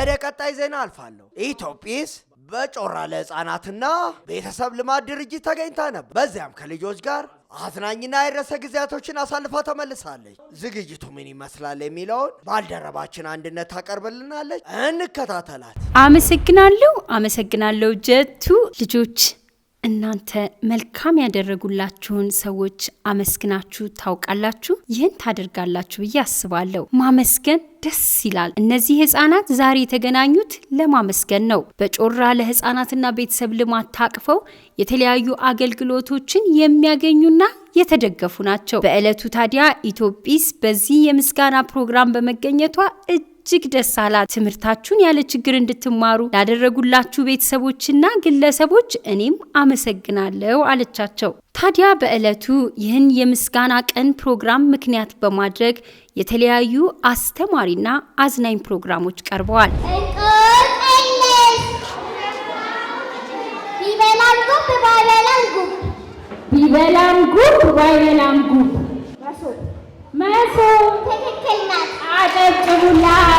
ወደ ቀጣይ ዜና አልፋለሁ። ኢትዮጲስ በጮራ ለህፃናትና ቤተሰብ ልማት ድርጅት ተገኝታ ነበር። በዚያም ከልጆች ጋር አዝናኝና የረሰ ጊዜያቶችን አሳልፋ ተመልሳለች። ዝግጅቱ ምን ይመስላል የሚለውን ባልደረባችን አንድነት ታቀርብልናለች፣ እንከታተላት። አመሰግናለሁ። አመሰግናለሁ ጀቱ ልጆች እናንተ መልካም ያደረጉላችሁን ሰዎች አመስግናችሁ ታውቃላችሁ? ይህን ታደርጋላችሁ ብዬ አስባለሁ። ማመስገን ደስ ይላል። እነዚህ ህጻናት ዛሬ የተገናኙት ለማመስገን ነው። በጮራ ለህጻናትና ቤተሰብ ልማት ታቅፈው የተለያዩ አገልግሎቶችን የሚያገኙና የተደገፉ ናቸው። በዕለቱ ታዲያ ኢትዮጲስ በዚህ የምስጋና ፕሮግራም በመገኘቷ እጅግ ደስ አላት። ትምህርታችሁን ያለ ችግር እንድትማሩ ላደረጉላችሁ ቤተሰቦችና ግለሰቦች እኔም አመሰግናለሁ አለቻቸው። ታዲያ በዕለቱ ይህን የምስጋና ቀን ፕሮግራም ምክንያት በማድረግ የተለያዩ አስተማሪና አዝናኝ ፕሮግራሞች ቀርበዋል። ቢበላም ጉብ ባይበላም ጉብ መሶብ አጨብጭቡላት።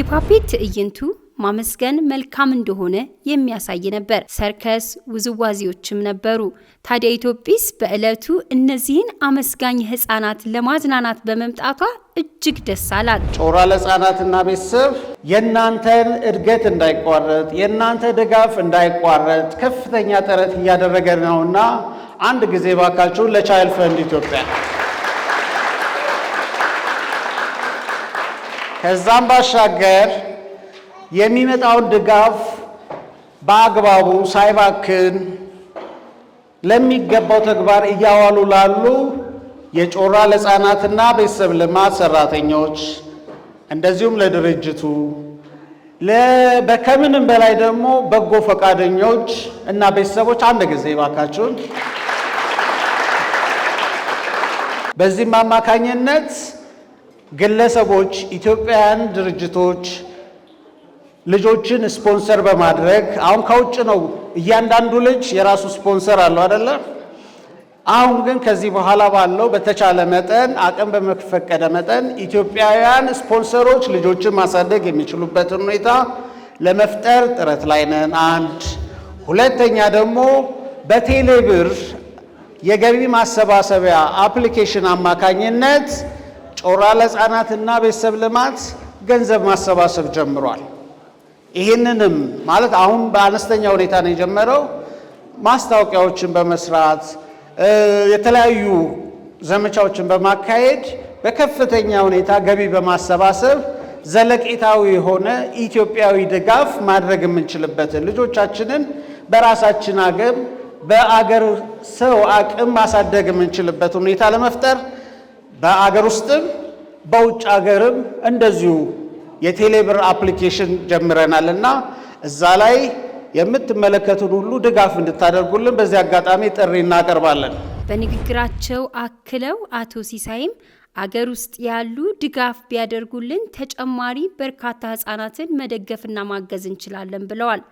የፓፔት ትዕይንቱ ማመስገን መልካም እንደሆነ የሚያሳይ ነበር። ሰርከስ ውዝዋዜዎችም ነበሩ። ታዲያ ኢትዮጲስ በዕለቱ እነዚህን አመስጋኝ ህፃናት ለማዝናናት በመምጣቷ እጅግ ደስ አላት። ጮራ ለህፃናትና ቤተሰብ የእናንተን እድገት እንዳይቋረጥ፣ የእናንተ ድጋፍ እንዳይቋረጥ ከፍተኛ ጥረት እያደረገ ነውና አንድ ጊዜ ባካችሁን ለቻይል ፈንድ ኢትዮጵያ ከዛም ባሻገር የሚመጣውን ድጋፍ በአግባቡ ሳይባክን ለሚገባው ተግባር እያዋሉ ላሉ የጮራ ለሕፃናትና ቤተሰብ ልማት ሰራተኞች እንደዚሁም ለድርጅቱ ከምንም በላይ ደግሞ በጎ ፈቃደኞች እና ቤተሰቦች አንድ ጊዜ ይባካችሁን። በዚህም አማካኝነት ግለሰቦች፣ ኢትዮጵያውያን ድርጅቶች ልጆችን ስፖንሰር በማድረግ አሁን ከውጭ ነው እያንዳንዱ ልጅ የራሱ ስፖንሰር አለው አደለ? አሁን ግን ከዚህ በኋላ ባለው በተቻለ መጠን አቅም በመፈቀደ መጠን ኢትዮጵያውያን ስፖንሰሮች ልጆችን ማሳደግ የሚችሉበትን ሁኔታ ለመፍጠር ጥረት ላይ ነን። አንድ ሁለተኛ ደግሞ በቴሌብር የገቢ ማሰባሰቢያ አፕሊኬሽን አማካኝነት ጮራ ለሕፃናትና ቤተሰብ ልማት ገንዘብ ማሰባሰብ ጀምሯል። ይህንንም ማለት አሁን በአነስተኛ ሁኔታ ነው የጀመረው። ማስታወቂያዎችን በመስራት የተለያዩ ዘመቻዎችን በማካሄድ በከፍተኛ ሁኔታ ገቢ በማሰባሰብ ዘለቄታዊ የሆነ ኢትዮጵያዊ ድጋፍ ማድረግ የምንችልበትን ልጆቻችንን በራሳችን አገም በአገር ሰው አቅም ማሳደግ የምንችልበት ሁኔታ ለመፍጠር በአገር ውስጥም በውጭ አገርም እንደዚሁ የቴሌብር አፕሊኬሽን ጀምረናል እና እዛ ላይ የምትመለከቱን ሁሉ ድጋፍ እንድታደርጉልን በዚህ አጋጣሚ ጥሪ እናቀርባለን። በንግግራቸው አክለው አቶ ሲሳይም አገር ውስጥ ያሉ ድጋፍ ቢያደርጉልን ተጨማሪ በርካታ ህጻናትን መደገፍና ማገዝ እንችላለን ብለዋል።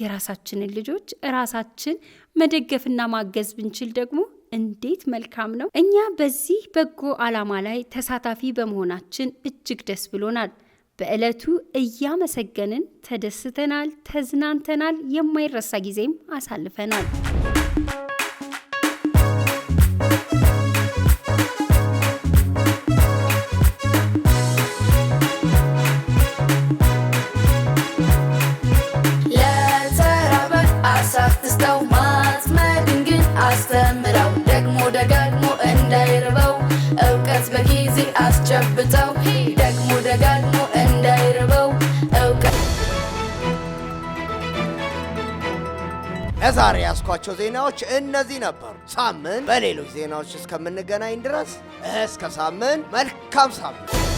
የራሳችንን ልጆች ራሳችን መደገፍና ማገዝ ብንችል ደግሞ እንዴት መልካም ነው! እኛ በዚህ በጎ ዓላማ ላይ ተሳታፊ በመሆናችን እጅግ ደስ ብሎናል። በዕለቱ እያመሰገንን ተደስተናል፣ ተዝናንተናል፣ የማይረሳ ጊዜም አሳልፈናል። ለተራበ አሳትስተው ማጥመድን አስተምረው ደግሞ ደጋግሞ እውቀት በጊዜ ለዛሬ ያስኳቸው ዜናዎች እነዚህ ነበሩ። ሳምንት በሌሎች ዜናዎች እስከምንገናኝ ድረስ እስከ ሳምንት መልካም ሳምንት